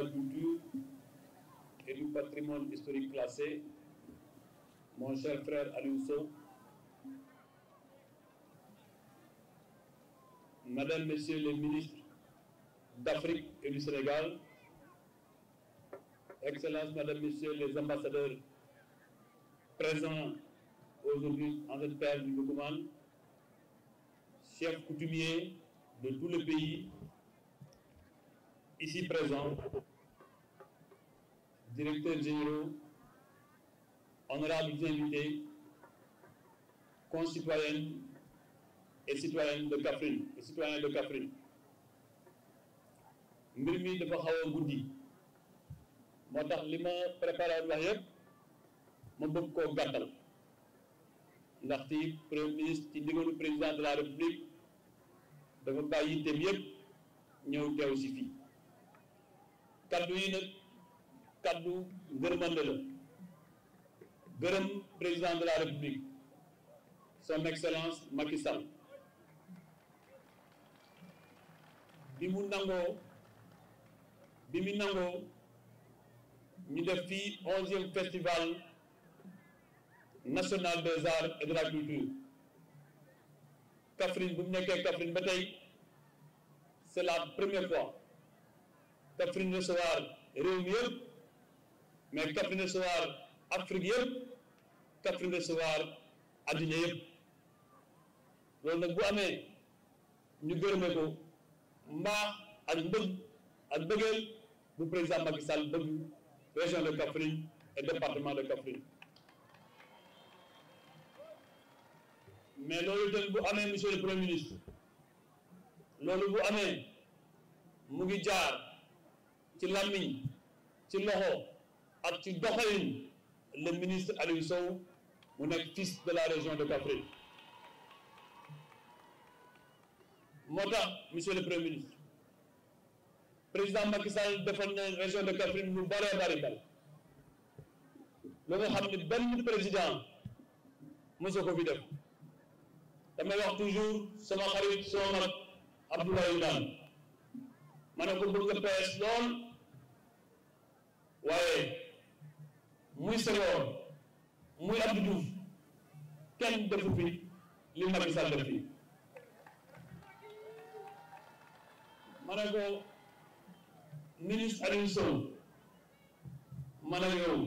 la culture et du patrimoine historique classé, mon cher frère Alunso, Madame, Messieurs les ministres d'Afrique et du Sénégal, Excellences, Madame, Messieurs les ambassadeurs présents aujourd'hui en cette du document, chefs coutumiers de tout le pays, ici présents, directeurs généraux, honorables invités, concitoyennes et citoyennes de Kaffrine et citoyens de Kaffrine mbir mi dafa xaw guddi moo tax li ma préparé wax yëpp ma bëgg koo gàttal ndax ci premier ministre ci ndigalu président de la république dafa bàyyi yitteem yëpp ñëw teew si fii kaddu yi nag kaddu ngërëmande la gërëm président de la république son excellence Macky bi mu nangoo bi mu nangoo ñu def fii onzième festival national des arts et culture Kaffrine bu mu nekkee Kaffrine ba tey c'est la première fois Kaffrine recevoir réew mi yëpp mais Kaffrine recevoir Afrique yëpp Kaffrine recevoir adduna yëpp loolu nag bu amee ñu gërëme ko mbaax ak mbëgg ak bëggeel bu président Macky Sall bëgg région de Kaffrine et département de Kaffrine mais loolu tamit bu amee monsieur le premier ministre loolu bu amee mu ngi jaar ci làmmiñ ci loxo ak ci doxalin le ministre Aliou Sow mu nekk fils de la région de Kaffrine moo tax monsieur le premier président Macky Sall defoon na région de Kaffrine lu bëree bëri bëri lu nga xam ne benn président mosoo ko fi def damay wax toujours sama xarit sama mag Abdoulaye ma ne ko bëgg PS lool waaye muy Senghor muy Abdou Diouf kenn defu fi li Macky Sall def fi ma ne ko ministre Aliou Sow ma ne yow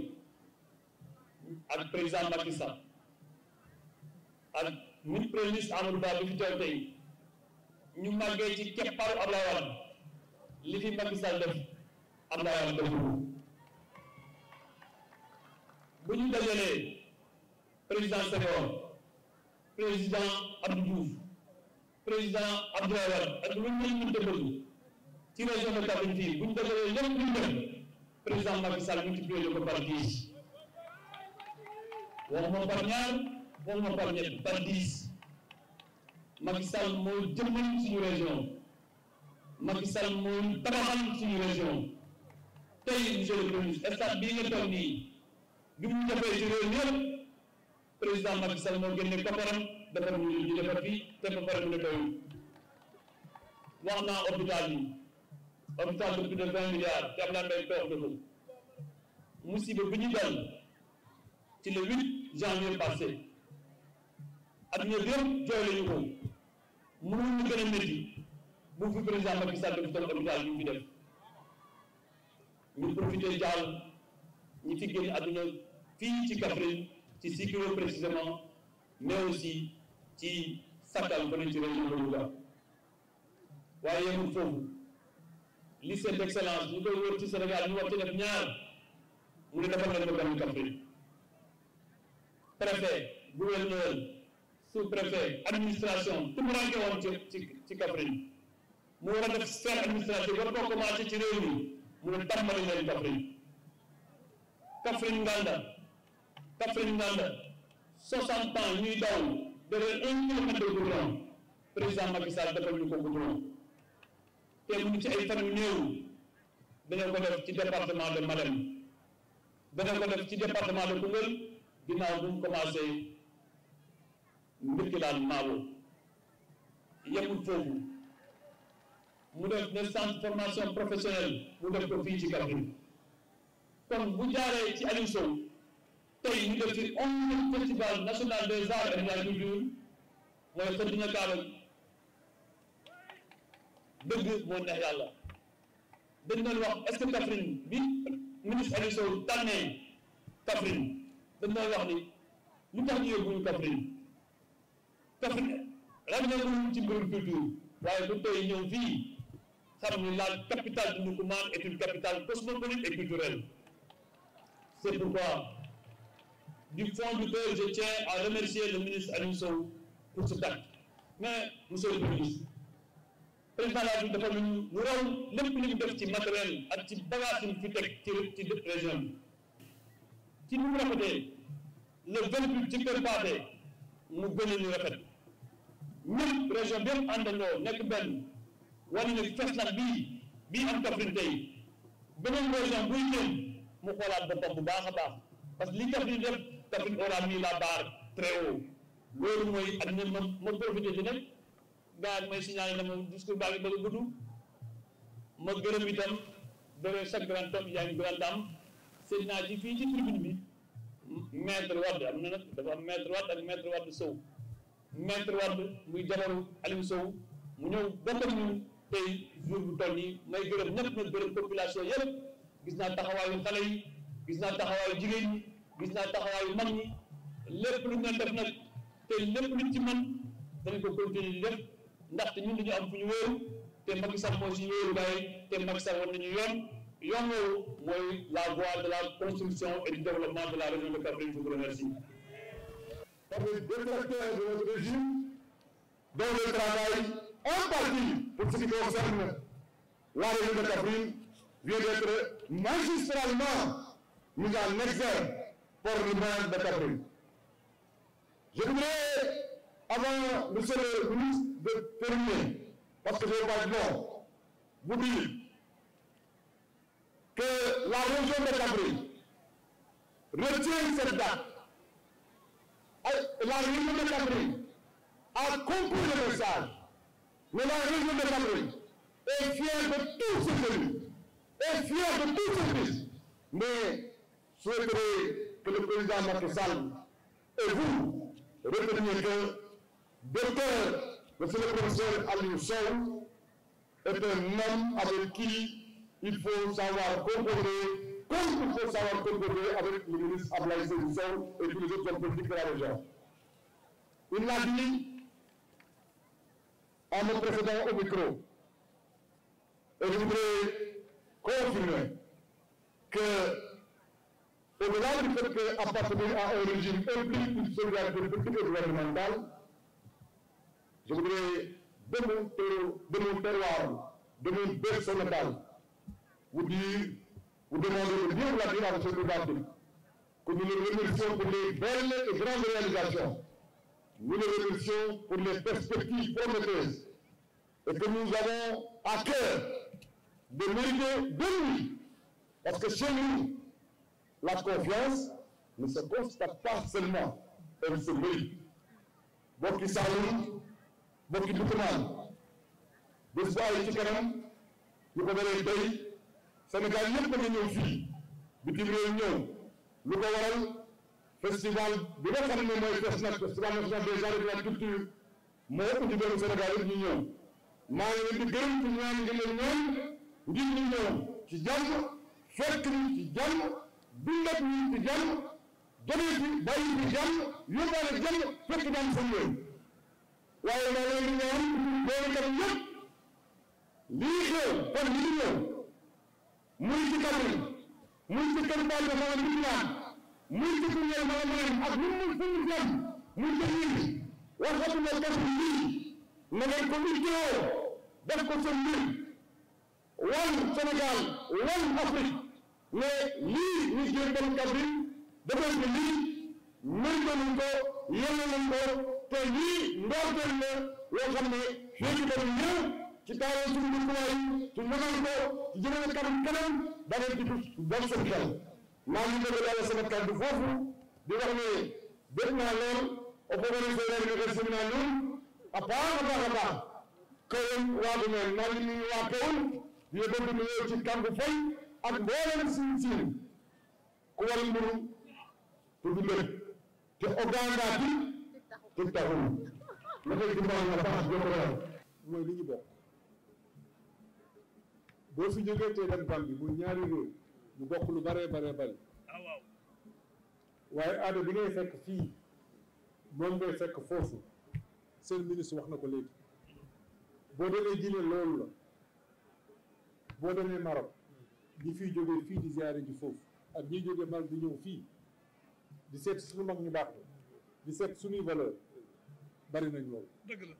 ak président Macky ak ministre Amadou Ba bi fi teew ñu màggee ci keppaaru Abdoulaye Wade li fi Macky Sall def am naa yàlla def bu ñu dajalee président Senghor président Abdou Diouf président Abdoulaye Wade ak lu ñu mën a bëgg ci région de Kaffrine fii bu ñu dajalee lépp lu def président Macky Sall multiplié le ko par dix waxuma par ñaar waxuma par ñett par dix Macky Sall moo jëmmal Macky Sall mooy tabaxal suñu région tey monsieur le ministre stade bii nga toog nii bi mu defee ci réew yëpp président Macky Sall moo génne koparam defar ñu ñu defar fii te ba pare mu ne doyul wax naa hôpital yi hôpital de plus de vingt milliards te am naa mbay toog dafa musiba bi ñu dal ci le huit janvier passé ak ñëpp yëpp jooy lañu ko mënuñu gën a métti bu fi président Macky Sall def toog hôpital bi mu fi def ñu profité jaal ñi fi génn àdduna fii ci Kaffrine ci Sikilo précisément mais aussi ci Sakal ba ci région de Louga waaye yemul foofu lycée d'excellence ñu koy wër ci Sénégal ñu war ci def ñaar mu ne defal nañ ko gàmmu Kaffrine préfet gouverneur sous préfet administration tumuraanke woon ci ci Kaffrine mu war a def système administratif war koo commencé ci réew mi mu ne tàmbali leen Kaffrine Kaffrine Nganda Kaffrine Nganda soixante ans ñuy daw derrière un kilomètre de goudron président Macky Sall defal ñu ko goudron te mu ci ay fan yu néew dana ko def ci département de Malem dana ko def ci département de Koungheul ginnaaw bu mu commencé mbirkilaan Maabo yemul foofu mu def ne centre formation professionnelle mu def ko fii ci Kaffrine kon bu jaaree ci Aliou Sow tey ñu def ci onzième festival national des arts et de la culture mooy Xëddina Kaaba dëgg moo neex yàlla dañ doon wax est-ce que Kaffrine bi ministre Aliou Sow tànnee Kaffrine dañ doon wax ni lu tax ñu yóbbuñu Kaffrine Kaffrine ràññeekuñu ci mbirum culture waaye bu tey ñëw fii la capitale du Ndoukouman est une capitale cosmopolite et culturelle. C'est pourquoi, du fond du cœur, je tiens à remercier le ministre Alissou pour cet acte. Mais, monsieur le ministre, président la ville dafa raw lépp li mu def ci matériel ak ci bagage yi fi teg ci ci région bi ci ni mu le vingt-huit ci kër paase mu gën a ñu rafet ñëpp région bi yëpp àndandoo nekk wane ne Fesnac bii bii am Kaffrine tey beneen région buy jëm mu xoolaat boppam bu baax a baax parce que li Kaffrine def Kaffrine aura mis la barre très haut loolu mooy ak ñoom ma ma profité ci nag gars yi may signalé dama discours baa ngi a gudd ma gërëm itam dore chaque grand homme yaa ngi grand dame seen naa ci fii ci tribune bi maître Wade am na nag dafa am maître Wade ak maître Wade Sow maître jabaru Aliou Sow mu ñëw bokk ak tey jour bu toll yi may gërëm ñëpp nag gërëm population yëpp gis naa taxawaayu xale yi gis naa taxawaayu jigéen ñi gis naa taxawaayu mag ñi lépp lu ñu def nag te lépp luñ ci man dañ ko continuer di def ndaxte ñun dañu am fu ñu wóoru te Macky Sall mooy suñu wóoru bàyyi te Macky Sall war nañu yoon yoon woowu mooy la voie de la construction et du développement de la région de Kaffrine je vous remercie. Parce que de notre un parti pour ce qui concerne la région de Kaffrine vient d'être magistralement mis en exergue pour de Kaffrine. Je voudrais, avant monsieur le ministre de terminer, parce que je vois non, vous que la région de Kaffrine retient cette date. La région de Kaffrine a compris le message ma la région de Catalogne est fière de tous ses élus, est fière de tous ses fils. Mais souhaiterais que le président Macky et vous reteniez que docteur, monsieur le professeur Aliou Sow est un homme avec qui il faut savoir composer, comme il faut savoir composer avec le ministre Abdoulaye Seydou Sow et tous les autres hommes politiques de la région. Il l'a dit. à mon précédent au micro, et je voudrais confirmer que, au-delà du fait qu'appartenir à un régime implique solidarité politique et gouvernementale, je voudrais de mon terroir, de mon berceau natal, vous dire, vous bien vouloir dire à M. que nous le remercions pour les belles et grandes réalisations nous les remercions pour les perspectives prometteuses et que nous avons à cœur de mériter de lui. Parce que chez nous, la confiance ne se constate pas seulement, elle se mérite. bokki Saalum bokki Ndoukoumane bés bu ay ci kanam ñu ko dalee tey Sénégal yëpp da nga ñëw fii bitim réew ñëw lu ko waral. festival bi nga xam ne mooy FESNAC festival national des arts et de la culture moo uti doomu Sénégal yëpp ñu ñëw maa ngi di gërëm ci ñaan ngeen leen ñaan ngir ñu ñëw ci jàmm fekk ñu ci jàmm dundat ñu ci jàmm jógee ci bàyyi ci jàmm yóbbaale jàmm fekk daan seen yoon waaye maa leen di ñaan loolu tam yëpp lii xew kon lii ñëw muy ci Kaffrine muy ci kër Baye Dafa Ndimlaan muy dëkk ñooy maanaam ak lu mu mën fi mu jëm mu jëm waxatuma def lii na ngeen ko liggéeyoo def ko sa mbir wan Sénégal wan Afrique ne lii ñu jël benn kàddu defal ko lii mérite nañ ko yéene nañ ko te lii ndorteel na loo xam ne léegi dañu ñëw ci taaral suñu dëkkuwaay ci ñamal ko ci jëmale kanam kanam da ngeen di bokk seen xel maa ngi dëgg sama kàddu foofu di wax ne bëgg naa lool opérateur bi nga semis naa lool à part à part à waa du mel maa ngi nuyu waa kawoon di yóbbu mu ñëw ci kàmbu fay ak mboolem siin siin ku war mburu tudd mbëg te Oganda bi te taxul la koy dimbali nga baax jokkoo mooy li ñu bokk boo fi jógee tey dem Gambie muy ñaari réew ñu bokk lu bëree bëree bëri ah, waaye aada bi ngay fekk fii moom ngay fekk foofu seen ministre wax na ko léegi boo demee Guinée loolu la boo demee Maroc ñi fi jógee fii di ziare ji foofu ak ñiy jógee Maroc di ñëw fii di seet suñu mag ñu baax di seet suñuy valeur bari nañ loolu dëgg la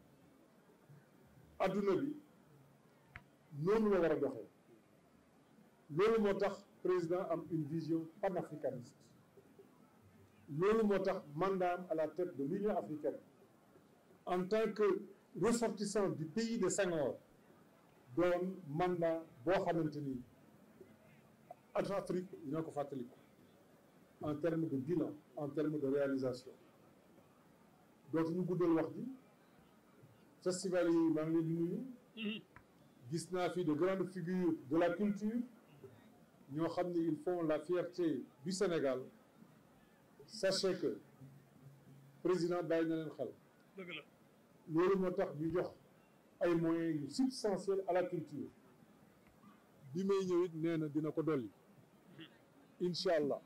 adduna bi noonu la war a doxee loolu moo tax président am une vision panafricaniste loolu moo tax mandaam à la tête de l'Union africaine en tant que ressortissant du pays de Senghor doon mandat boo xamante ni at Afrique dina ko fàttaliku en termes de bilan en termes de réalisation dootuñu guddal wax ji festival yi maa ngi leen di mm-hmm. gis naa fi de grandes figures de la culture ñoo xam ne ils font la fierté du Sénégal sachez que président bàyyi na leen xel loolu moo tax ñu jox ay moyens yu substantiels à la culture bi may ñëw it nee dina ko dolli incha allah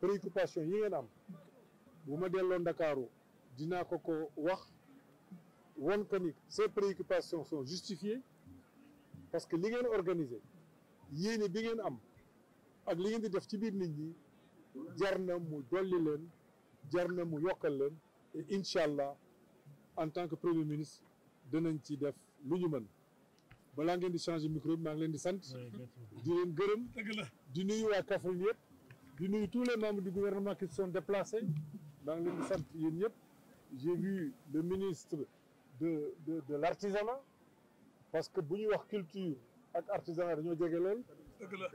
préoccupation yi ngeen am bu ma delloo Ndakaaru dinaa ko ko wax won ko ni ces préoccupations sont justifiées parce que li ngeen organisé yéene bi ngeen am ak li ngeen di def ci biir nit ñi jar na mu dolli leen jar na mu yokkal leen et incha allah en tant que premier ministre dinañ ci def lu ñu mën balaa ngeen di changer micro maa ngi leen di sant di leen gërëm di nuyu waa Kaffrine yëpp di nuyu tous les membres du gouvernement qui se sont déplacés maa ngi leen di sant yéen yëpp j'ai vu le ministre de de parce que bu ñuy wax culture ak artisanat dañoo jege lool.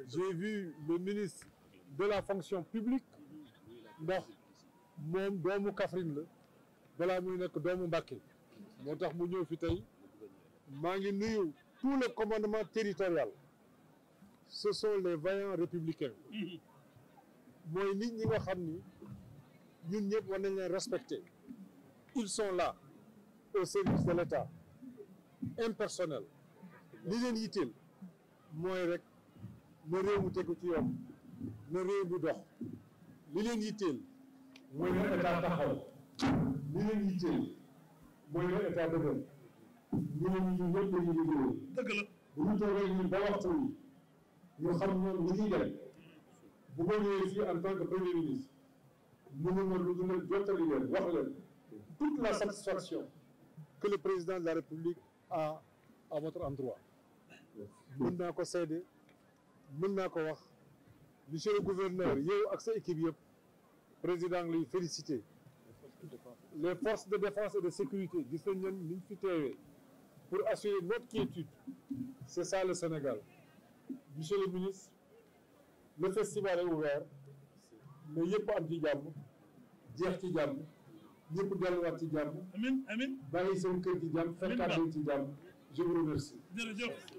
j'ai ministre de la fonction publique ndax moom doomu Kaffrine la balaa muy nekk doomu Mbacké moo tax mu ñëw fi tey maa ngi nuyu tout le commandement territorial ce sont les vaillants républicains mooy nit ñi nga xam ni ñun ñëpp war nañ leen respecter ils sont là au service de l'État impersonnel li leen mooy rek na réew mu tegu ci yoon na dox li yitteel mooy na état taxaw yitteel mooy na état dëgër ñooñu ñun ñëpp dañuy liggéeyoo. dëgg la bu ñu toogee ñun ba waxtu wi ñu xam ñoom li ñuy def bu ma ñëwee fii en tant que premier ministre mënuma lu dul jottali leen wax leen toute la satisfaction que le président de la République a à votre endroit. mën naa ko seede mën naa ko wax monsieur le gouverneur yow ak sa équipe yëpp président luy félicité les forces de défense et de sécurité gis nañ ñoom niñ fi teewee pour assurer notre quiétude c'est ça le Sénégal monsieur le ministre le festival est ouvert mais yëpp am ci jàmm jeex ci jàmm ñëpp delluwaat ci jàmm amiin amiin bàyyi seen kër ci jàmm fekkaat ci jàmm je vous remercie